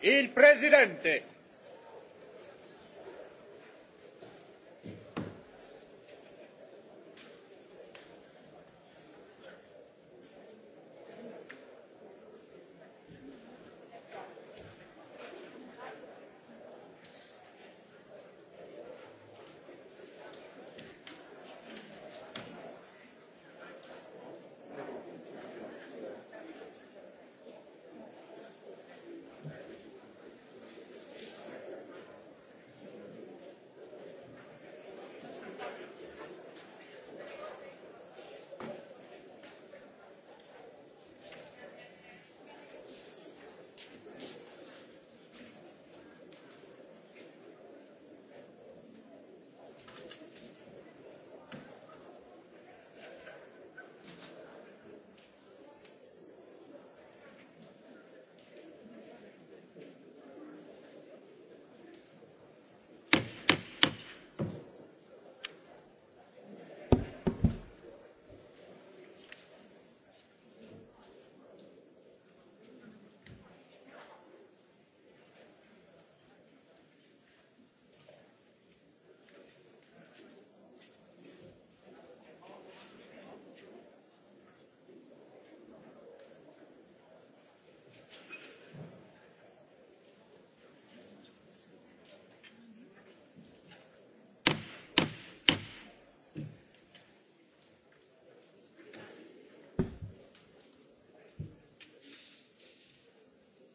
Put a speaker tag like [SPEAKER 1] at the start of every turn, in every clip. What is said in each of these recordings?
[SPEAKER 1] Il presidente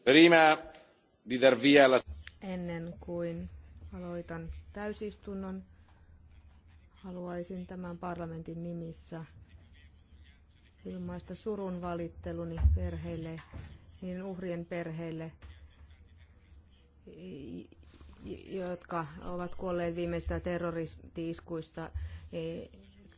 [SPEAKER 2] Prima di dar via
[SPEAKER 3] Ennen kuin aloitan täysistunnon, haluaisin tämän parlamentin nimissä ilmaista surun valitteluni perheille, niin uhrien perheille, jotka ovat kuolleet viimeistä terroristi